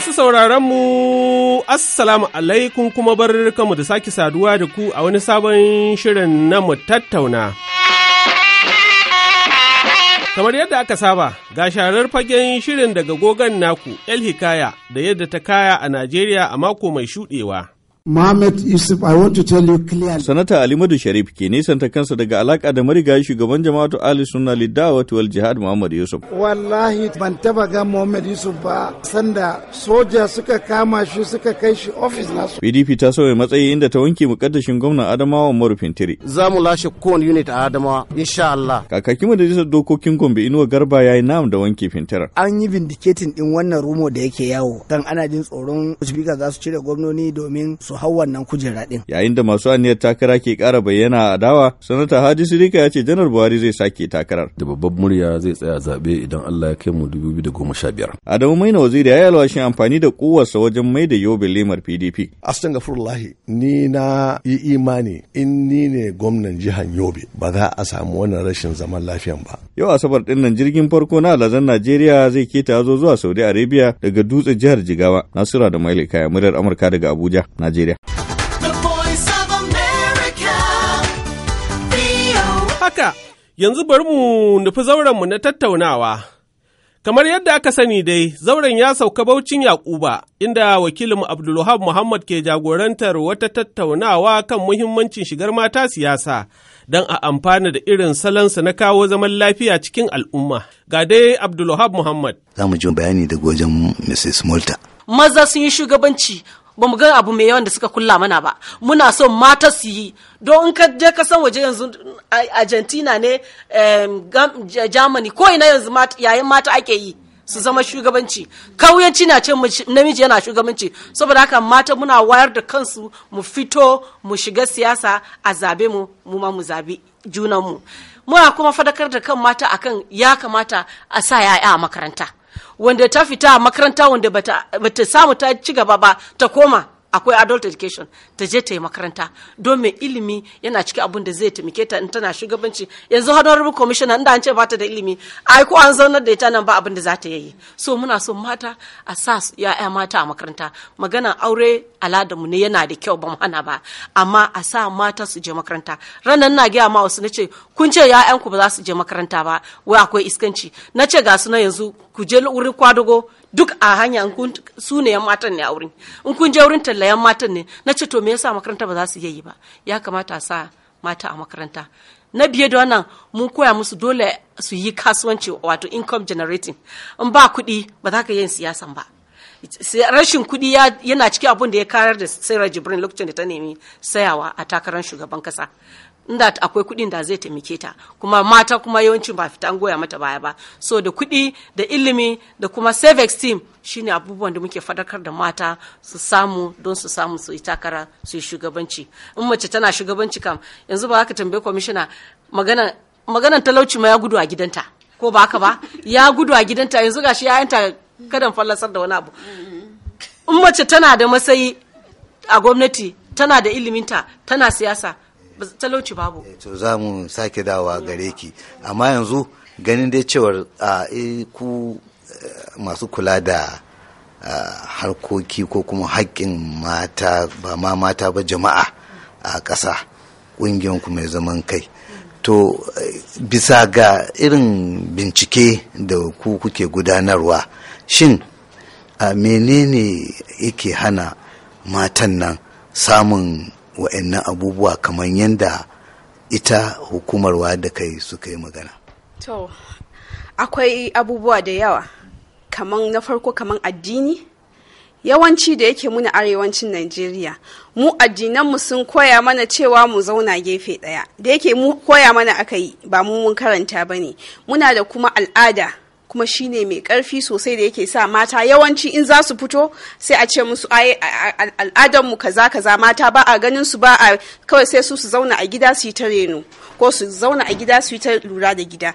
Masu sauraron mu Assalamu alaikum kuma bar mu da sake saduwa da ku a wani sabon shirin na mu tattauna. Kamar yadda aka saba, ga sharar fagen shirin daga gogon naku, El Hikaya, da yadda ta kaya a Najeriya a mako mai shuɗewa. Mohammed Yusuf, I want to tell you clearly. Sanata Alimadu Sharif ke ta kansa daga alaka da marigayi shugaban jama'atu Ali Sunna Lidawat wal Jihad Muhammad Yusuf. Wallahi ban taba ga Muhammad Yusuf ba sanda soja suka kama shi suka kai shi ofis nasu. PDP ta sauya matsayi inda ta wanke mukaddashin gwamnan Adamawa Umaru Fintiri. Za mu lashe kowane unit a Adamawa insha Allah. Kakakin majalisar dokokin Gombe Inuwa Garba ya yi nam da wanke Fintirar. An yi vindicating din wannan rumo da yake yawo dan ana jin tsoron speaker za su cire gwamnoni domin su hau wannan kujera din. Yayin da masu aniyar takara ke ƙara bayyana a dawa, sanata Hadi Sirika ya ce Janar Buhari zai sake takarar. Da babbar murya zai tsaya zaɓe idan Allah ya kai mu biyar. Adamu Maina Waziri ya yi alwashin amfani da ƙuwarsa wajen mai da yobe lemar PDP. Astagfirullahi ni na yi imani in ni ne gwamnan jihar Yobe ba za a samu wannan rashin zaman lafiyan ba. Yau Asabar ɗin nan jirgin farko na alazan Najeriya zai keta zo zuwa Saudi Arabia daga dutse jihar Jigawa. Nasiru da Maili Kaya, muryar Amurka daga Abuja, Najeriya. Brasília. Haka, yanzu bari mu nufi zaurenmu na tattaunawa. Kamar yadda aka sani dai, zauren ya sauka Baucin Yakuba, inda wakilin Abdulwahab Muhammad ke jagorantar wata tattaunawa kan muhimmancin shigar mata siyasa, don a amfana da irin salansa na kawo zaman lafiya cikin al'umma. Ga dai Abdulwahab Muhammad. Za mu ji bayani daga wajen Mrs. Malta. Maza sun yi shugabanci, ba mu ga abu mai yawan da suka kulla mana ba muna so mata su yi don in ka je kasan waje yanzu argentina ne germany ko ina yanzu yayin mata ake yi su zama shugabanci kauyanci na ce namiji yana shugabanci saboda haka mata muna wayar da kansu mu fito mu shiga siyasa a zabe mu mu ma mu zabi junanmu muna kuma fadakar da kan mata akan ya kamata a sa 'ya'ya a makaranta wanda ta fita a makaranta wanda bata samu ta ci gaba ba ta koma akwai adult education ta je ta yi makaranta domin ilimi yana ciki abun da zai taimake ta in tana shugabanci yanzu honorable commissioner inda an ce bata da ilimi ai ko an zaunar da ita nan ba abin da za ta yi so muna so mata a sa ya'ya mata a makaranta magana aure mu ne yana da kyau ba mu hana ba amma a sa mata su je makaranta ranan na gaya ma wasu nace kun ce ya'yanku ba za su je makaranta ba wai akwai iskanci nace ga su na yanzu ku je wurin kwadago. duk a hanya su ne yan matan ne a wurin in kun je wurin talla yan matan ne na ce to me yasa makaranta ba za su iya yi ba ya kamata a sa mata a makaranta na biye da wannan mun koya musu dole su yi kasuwanci wato income generating in ba kuɗi ba za ka yin siyasan ba rashin kuɗi yana cikin abin da ya karar da sai jibrin lokacin da ta nemi sayawa a takarar shugaban kasa inda akwai kuɗin da zai taimake ta kuma mata kuma yawanci ba fita an goya mata baya ba so da kuɗi da ilimi da kuma save esteem shine abubuwan da muke fadakar da mata su samu don su samu su yi takara su yi shugabanci in mace tana shugabanci kam yanzu ba haka tambaye kwamishina maganan maganan talauci ma ya gudu a gidanta ko ba haka ba ya gudu a gidanta yanzu gashi ya yanta kadan fallasar da wani abu in mace tana da masayi a gwamnati tana da iliminta tana siyasa talauci babu eh, to za mu sake dawa gare ki amma yanzu ganin dai cewar a eh, ku eh, masu kula da harkoki ko kuma haƙƙin mata ba ma mata ba jama'a a ƙasa ƙungiyar ku mai zaman kai to bisa ga irin bincike da ku kuke gudanarwa shin a menene yake hana matan nan samun wa'annan abubuwa kamar yadda ita hukumar da kai suka yi magana to akwai abubuwa da yawa kamar na farko kamar addini yawanci da yake muna arewacin Najeriya mu addinanmu sun koya mana cewa mu zauna gefe ɗaya da yake mu koya mana aka yi ba mu mun karanta ba ne muna da kuma al'ada kuma shine mai karfi sosai da yake sa mata yawanci in za su fito sai a ce musu al'adarmu kaza kaza mata ba a ganin su ba a kawai sai su su zauna a gida su yi ta reno ko su zauna a gida su yi ta lura da gida.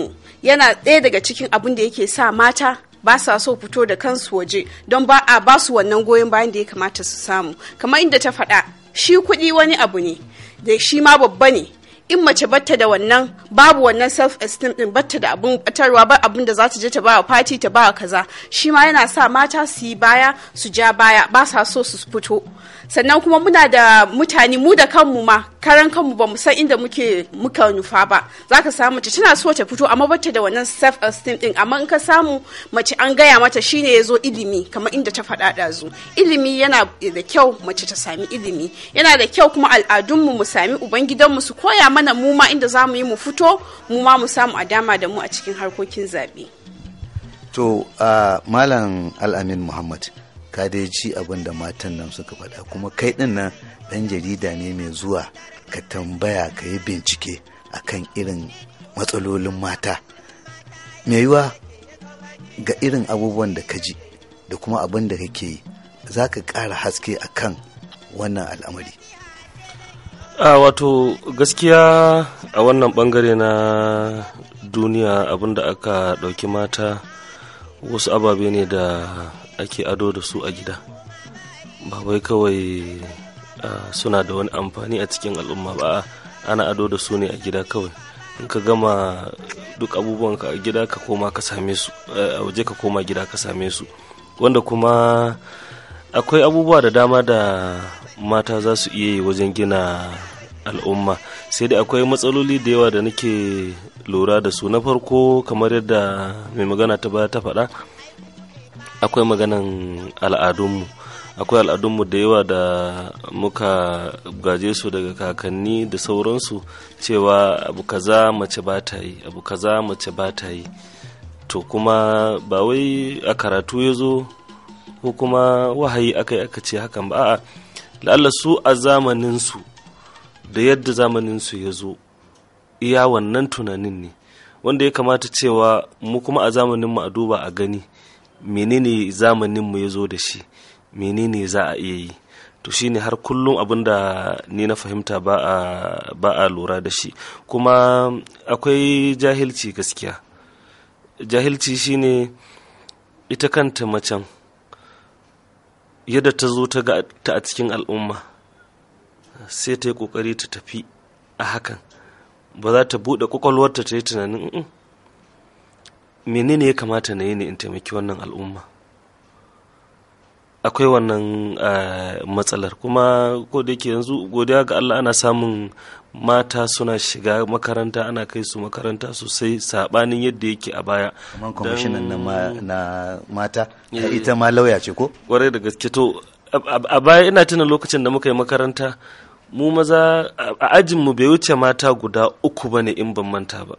yana ɗaya daga cikin abin da yake sa mata ba sa so fito da kansu waje don ba a ba su wannan goyon bayan da ya kamata su samu kamar inda ta faɗa shi kuɗi wani abu ne da shi ma babba ne in mace batta da wannan babu wannan self esteem din batta da abun batarwa ba abun da za ta je ta ba fati ta ba kaza shi ma yana sa mata su yi baya su ja baya ba sa so su fito sannan kuma muna da mutane mu da kanmu ma karan kanmu ba mu san inda muke muka nufa ba za ka samu mace tana so ta fito amma bata da wannan self esteem din amma in ka samu mace an gaya mata shine yazo ilimi kamar inda ta faɗa ɗazu ilimi yana da kyau mace ta sami ilimi yana da kyau kuma al'adunmu mu sami ubangidanmu su koya mana mu ma inda za mu yi mu fito mu ma mu samu a dama da mu a cikin harkokin zaɓe. to uh, malam al'amin muhammad ka dai ji abin da matan nan suka faɗa kuma kai ɗin nan ɗan jarida ne mai zuwa ka tambaya ka yi bincike a kan irin matsalolin mata mai yiwa ga irin abubuwan da ka ji da kuma abin da kake yi za ka ƙara haske a kan wannan al'amari wato gaskiya a wannan bangare na duniya abinda aka ɗauki mata wasu ababe ne da ake ado da su a gida ba wai kawai suna da wani amfani a cikin al'umma ba ana ado da su ne a gida kawai in ka gama duk abubuwan ka a gida ka koma ka same su a waje ka koma gida ka same su wanda kuma akwai abubuwa da dama da mata za su iya yi wajen gina al'umma sai dai akwai matsaloli da yawa da nake lura da su na farko kamar yadda mai magana ta baya ta faɗa akwai maganan al'adunmu akwai al'adunmu da yawa da muka gaje su daga kakanni da sauransu cewa abu kaza mace ba ta yi abu kaza mace ba ta yi to kuma ba wai a karatu ya zo ko kuma wahayi aka yi aka ce hakan ba a la'alla su a zamaninsu da yadda zamaninsu ya zo iya wannan tunanin ne wanda ya kamata cewa mu kuma a zamaninmu a duba a gani menene zamanin mu ya zo da shi menene za a iya yi to shine har kullum abin da ni na fahimta ba a lura da shi kuma akwai jahilci gaskiya jahilci shine ita kanta macen yadda ta zo ta ga ta a cikin al'umma sai ta yi kokari ta tafi a hakan ba za ta buɗe kwakwalwarta ta yi tunanin mm, menene ya kamata na yi ne in taimaki wannan al'umma akwai wannan matsalar kuma ko da yanzu godiya ga allah ana samun mata suna shiga makaranta ana kai su makaranta sosai sabanin yadda yake a baya kamar kwamishinan na mata eh. ita ma lauya ce ko kwarai da gaske to a baya ina tuna lokacin da muka yi makaranta mu maza a ajinmu bai wuce mata guda uku bane in ban manta ba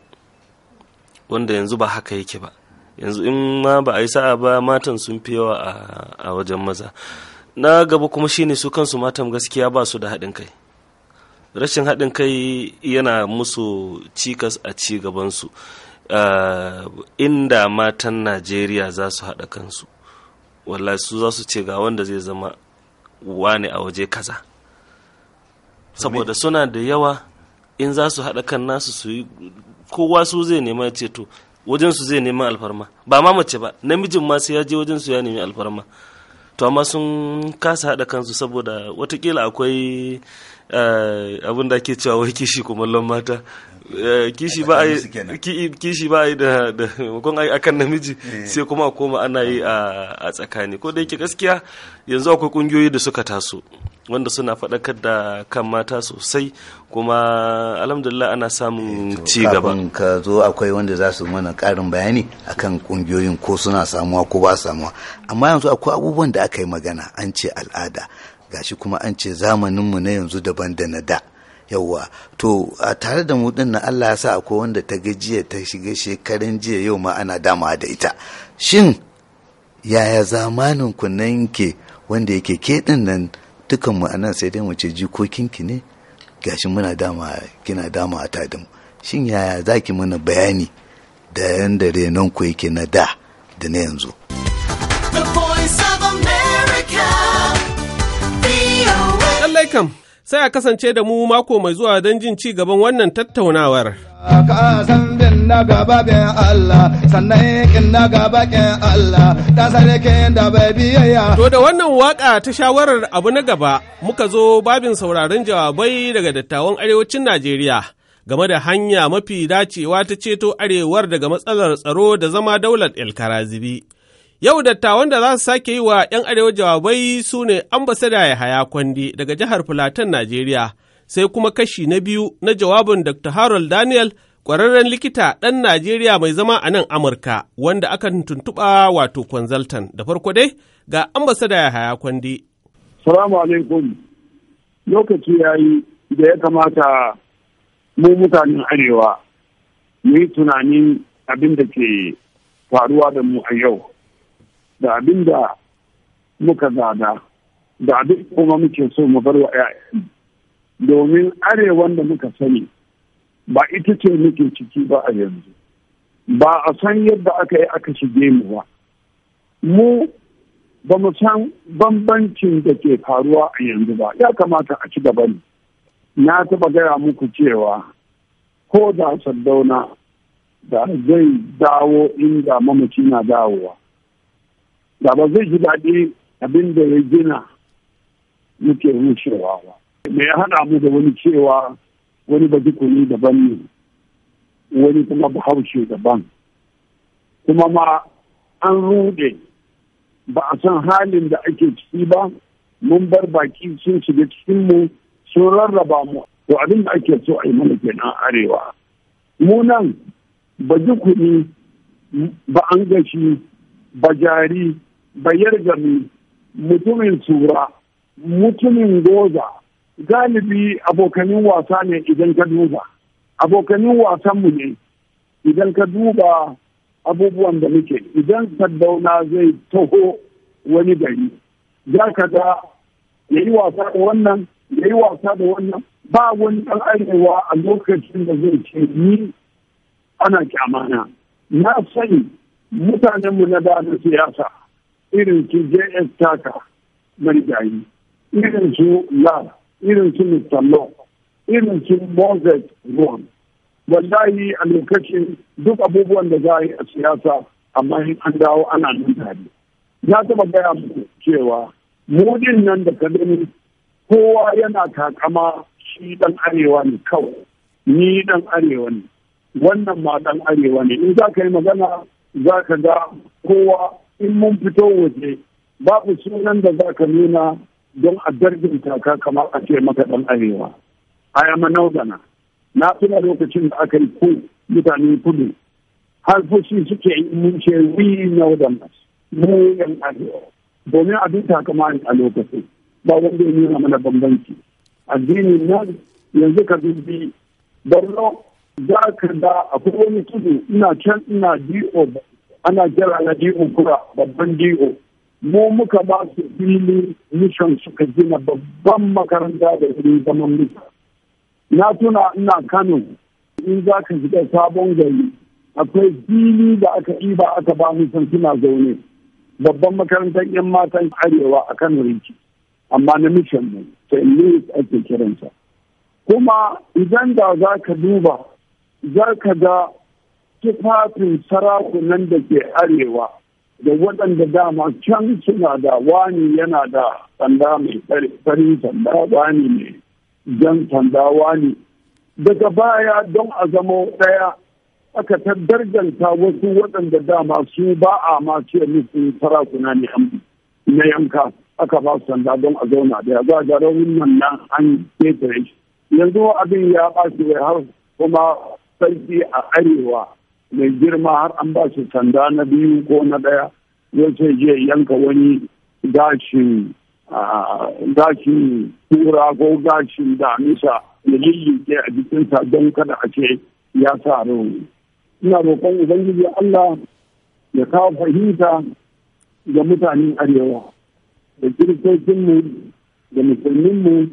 wanda yanzu ba haka yake ba yanzu in ma ba a yi sa'a ba matan sun fi yawa a wajen maza na gaba kuma shine su kansu matan gaskiya ba su da haɗin kai rashin haɗin kai yana musu cikas a ci gabansu inda matan najeriya za su haɗa kansu wallahi su za su ce ga wanda zai zama wane a waje kaza saboda suna da yawa in za su haɗa kan nasu su yi kowa su zai nema ceto wajen su zai nema alfarma ba ma mace ba namijin ma sai ya je wajen su ya nemi alfarma to amma sun kasa haɗa kansu saboda watakila akwai eh, abin da ake cewa wai kishi kumallon mata eh, kishi ba a yi da hukun a kan namiji eh. sai kuma a koma ana yi a tsakani ko da yake gaskiya yanzu akwai kungiyoyi da suka taso wanda suna faɗakar da kan mata sosai kuma alhamdulillah ana samun eh, ci gaba ka zo akwai wanda za su mana ƙarin bayani akan ƙungiyoyin ko suna samuwa ko ba samuwa amma yanzu akwai abubuwan da aka yi magana an ce al'ada gashi kuma an ce zamaninmu na yanzu daban da na da yauwa to a tare da mu na Allah ya sa akwai wanda ta ga jiya ta shiga shekarun jiya yau ma ana dama da ita shin yaya zamanin ku nan ke wanda yake ke nan dukanmu a nan sai dai mu ce ki ne gashi muna dama kina dama a tadin shin yaya za ki mana bayani da yanda renon ku yake na da da na yanzu lallai sai a kasance da mu mako mai zuwa don jin ci gaban wannan tattaunawar. To da wannan waƙa ta shawarar abu na gaba muka zo babin sauraron jawabai daga dattawan arewacin Najeriya game da hanya mafi dacewa ta ceto arewar daga matsalar tsaro da zama daular Elkarazibi. Yau dattawan da za su sake yi wa ‘yan arewa jawabai su ne ambasada Yahaya Kwandi daga jihar Filatan Najeriya, sai kuma kashi na biyu na jawabin Dr. Harold Daniel, ƙwararren likita ɗan Najeriya mai zama a nan Amurka, wanda aka tuntuɓa wato kwanzaltan Da farko dai ga ambasada Yahaya Kwandi. Salamu alaikum, lokaci ya yi da ya kamata mu mutanen arewa mu yi tunanin abin da ke faruwa da mu a yau. da abin da muka gada da abin kuma muke so mu bar wa domin arewan da muka sani ba ita ce muke ciki ba a yanzu ba a san yadda aka yi aka shige mu ba mu ba mu san bambancin da ke faruwa a yanzu ba ya kamata a ci gaba ne na taɓa gaya muku cewa ko da sardauna da zai dawo inda mamaci na dawowa da ba zai ji daɗi abin da ya gina muke rushewa ba me ya haɗa mu da wani cewa wani ba kuni daban ne wani kuma bahaushe daban kuma ma an rude ba a san halin da ake ciki ba mun bar baki sun shiga cikinmu sun rarraba mu to abin da ake so a yi mana kenan arewa mu nan ba ji kuɗi ba an gashi ba jari bayar gami mutumin tsura mutumin goza galibi abokanin wasa ne idan ka duba abokanin wasanmu ne idan ka duba abubuwan da muke idan saddauna zai taho wani gari za ka ga ya yi wasa da wannan ya yi wasa da wannan ba wani ɗan arewa a lokacin da zai ce ni ana kyamana na sani mutanenmu na da na siyasa irin su js taka marigayi irin su lab irin su mr law irin su moses Ruan. wallahi a lokacin duk abubuwan da za a yi a siyasa amma an dawo ana nan tare na taba gaya muku cewa mudin nan da ka kowa yana takama shi ɗan arewa ne kawai ni ɗan arewa ne wannan ma dan arewa ne in za ka yi magana za ka ga kowa in mun fito waje babu sunan da za ka nuna don a darginta ka kamar a ce maka ɗan arewa a yama naudana na tuna lokacin da aka yi ko mutane kudu har fushi suke yi mun ce wi naudana mu yan arewa domin abin takama ne a lokacin ba wanda ya nuna mana bambanci addini nan yanzu ka dubi borno za ka da akwai wani tudu ina can ina ba ana jira na DO kura babban DO mu muka ba su fili mission suka gina babban makaranta da wurin zaman muka na tuna ina Kano in za ka shiga sabon gari akwai fili da aka ɗiba aka ba mu san suna zaune babban makarantar 'yan matan arewa a Kano Rinki amma na mission ne sai Louis ake kiransa kuma idan da za ka duba za ka ga tufafin sarakunan da ke arewa da waɗanda dama can suna da wani yana da sanda mai tsari sanda wani mai jan sanda wani daga baya don a zama ɗaya aka ta darganta wasu waɗanda dama su ba a ma ce musu sarakuna na yanka aka ba su sanda don a zauna ɗaya ba a gara nan nan an ketare shi yanzu abin ya ɓace har kuma sarki a arewa mai girma har an ba shi sanda na biyu ko na ɗaya zai sai je yanka wani gashin gashin tura ko gashin damisa ya lillike a jikinsa don kada a ce ya sa rauni ina roƙon ubangiji allah ya kawo fahimta ga mutanen arewa da kiristocinmu da musulminmu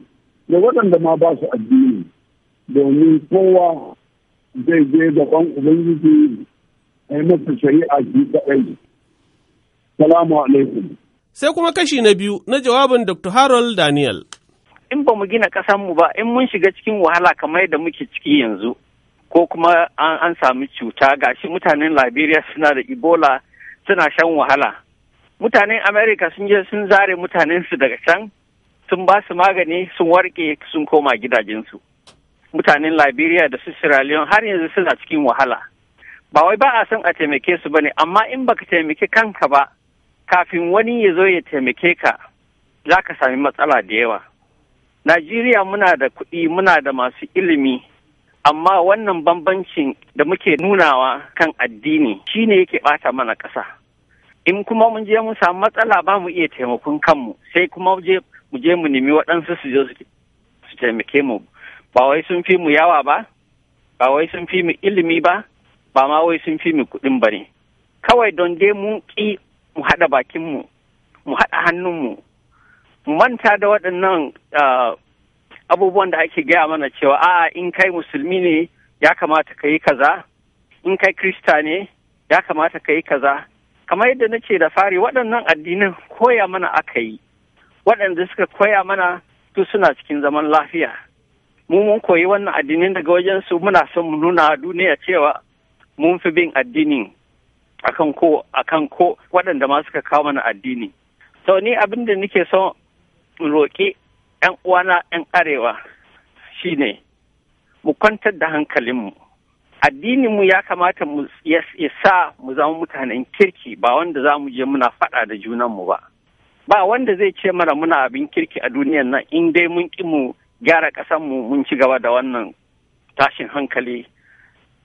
da waɗanda ma ba su addini domin kowa zai je da ban ubangiji a yi masa shari'a shi kaɗai. Salamu alaikum. Sai kuma kashi na biyu na jawabin Dr. Harold Daniel. In ba mu gina ƙasanmu ba, in mun shiga cikin wahala kamar yadda muke ciki yanzu, ko kuma an sami cuta gashi mutanen Liberia suna da Ebola suna shan wahala. Mutanen Amerika sun je sun zare mutanensu daga can, sun ba su magani sun warke sun koma gidajensu. mutanen liberia da su sierra leone har yanzu suna cikin wahala ba wai ba a son a taimake su ba ne amma in baka taimake kanka ba kafin wani ya zo ya taimake ka za ka sami matsala da yawa najeriya muna da kuɗi muna da masu ilimi amma wannan bambancin da muke nunawa kan addini shine yake bata mana ƙasa in kuma mun je mu samu matsala ba mu iya taimakon kanmu sai kuma mu je mu nemi waɗansu su je su taimake mu ba wai sun fi mu yawa ba ba wai sun fi mu ilimi ba ba ma wai sun fi mu kuɗin ba ne kawai don dai mun ƙi mu haɗa bakinmu mu haɗa hannunmu mu manta da waɗannan abubuwan da ake gaya mana cewa a in kai musulmi ne ya kamata ka yi kaza in kai krista ne ya kamata ka yi kaza kamar yadda na ce da fari waɗannan addinin koya mana aka yi waɗanda suka koya mana su suna cikin zaman lafiya mu mun koyi wannan addinin daga wajen su muna son mu nuna duniya cewa mun fi bin addini akan ko akan ko waɗanda ma suka kawo mana addini so ni abin da nake son roƙi yan uwana yan arewa shine mu kwantar da hankalinmu addininmu ya kamata mu ya sa mu zama mutanen kirki ba wanda za mu je muna faɗa da junanmu ba ba wanda zai ce mana muna abin kirki a duniyan nan in dai mun ƙi mu gyara ƙasanmu mun ci gaba da wannan tashin hankali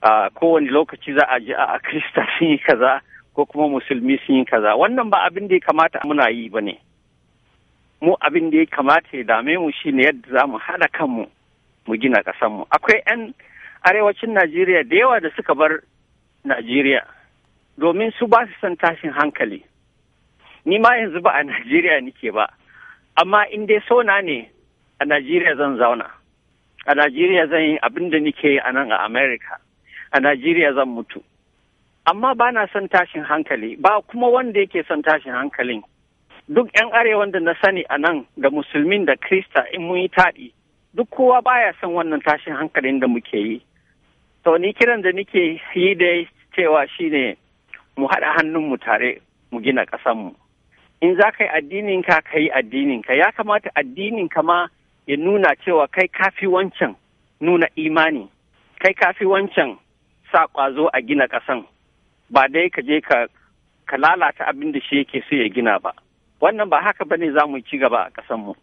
a kowane lokaci za a ji a kirista sun yi kaza ko kuma musulmi sun yi kaza wannan ba abin da ya kamata muna yi ba ne mu abin da ya kamata ya dame mu shine yadda za mu haɗa kanmu mu gina mu. akwai 'yan arewacin najeriya da yawa da suka bar najeriya domin su ba su son tashin hankali ni ma yanzu ba a najeriya nike ba amma in dai sona ne a Najeriya zan zauna a Najeriya zan yi abin da nike yi a nan a Amerika a Najeriya zan mutu amma ba na son tashin hankali ba kuma wanda yake son tashin hankalin duk 'yan arewan da na sani a nan da musulmin da krista in mun yi taɗi duk kowa baya son wannan tashin hankalin da muke yi to ni kiran da nike yi da cewa shi ne mu haɗa hannunmu tare mu gina ƙasanmu in za ka yi addininka ka yi addininka ya kamata addininka ma ya nuna cewa kai kafi wancan nuna imani kai kafi wancan sa kwazo a gina ƙasan ba dai ka je ka lalata abin da shi yake so ya gina ba wannan ba haka bane za mu ci gaba a mu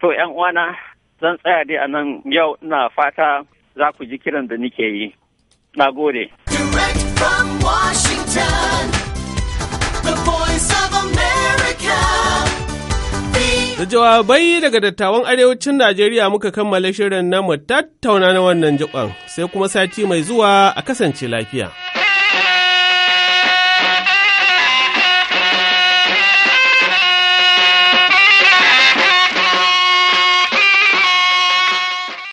to yan uwana zan tsaya dai a nan yau na fata za ku ji kiran da nike yi na gode Direct from Washington. Da jawabai daga dattawan arewacin Najeriya muka kammala shirin namu mu tattauna na wannan jikon sai kuma sati mai zuwa a kasance lafiya.